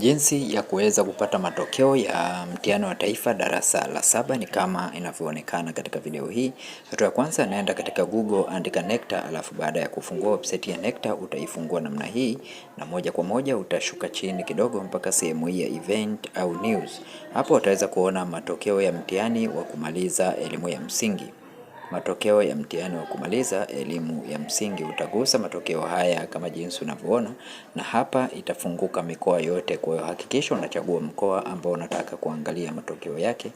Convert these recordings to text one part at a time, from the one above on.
Jinsi ya kuweza kupata matokeo ya mtihani wa taifa darasa la saba ni kama inavyoonekana katika video hii. Hatua ya kwanza, naenda katika Google, andika NECTA, alafu baada ya kufungua website ya NECTA utaifungua namna hii, na moja kwa moja utashuka chini kidogo mpaka sehemu hii ya event au news. Hapo utaweza kuona matokeo ya mtihani wa kumaliza elimu ya msingi. Matokeo ya mtihani wa kumaliza elimu ya msingi utagusa matokeo haya kama jinsi unavyoona, na hapa itafunguka mikoa yote. Kwa hiyo hakikisha unachagua mkoa ambao unataka kuangalia matokeo yake,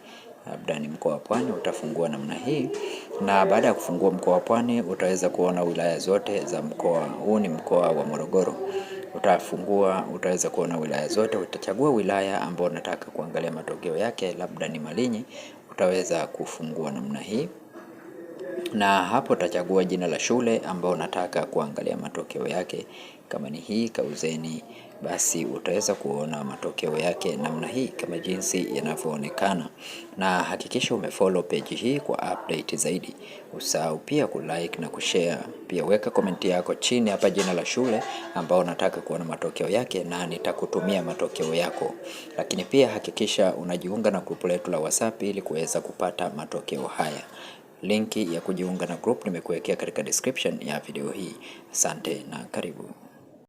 labda ni mkoa wa Pwani, utafungua namna hii, na baada ya kufungua mkoa wa Pwani utaweza kuona wilaya zote za mkoa huu. Ni mkoa wa Morogoro utafungua utaweza kuona wilaya zote. Utachagua wilaya ambayo unataka kuangalia matokeo yake, labda ni Malinyi, utaweza kufungua namna hii na hapo utachagua jina la shule ambayo unataka kuangalia matokeo yake. Kama ni hii Kauzeni, basi utaweza kuona matokeo yake namna hii kama jinsi yanavyoonekana, na hakikisha umefollow page hii kwa update zaidi. Usahau pia kulike na kushare. Pia weka komenti yako chini hapa, jina la shule ambao unataka kuona matokeo yake, na nitakutumia matokeo yako. Lakini pia hakikisha unajiunga na grupu letu la WhatsApp ili kuweza kupata matokeo haya. Linki ya kujiunga na group nimekuwekea katika description ya video hii. Asante na karibu.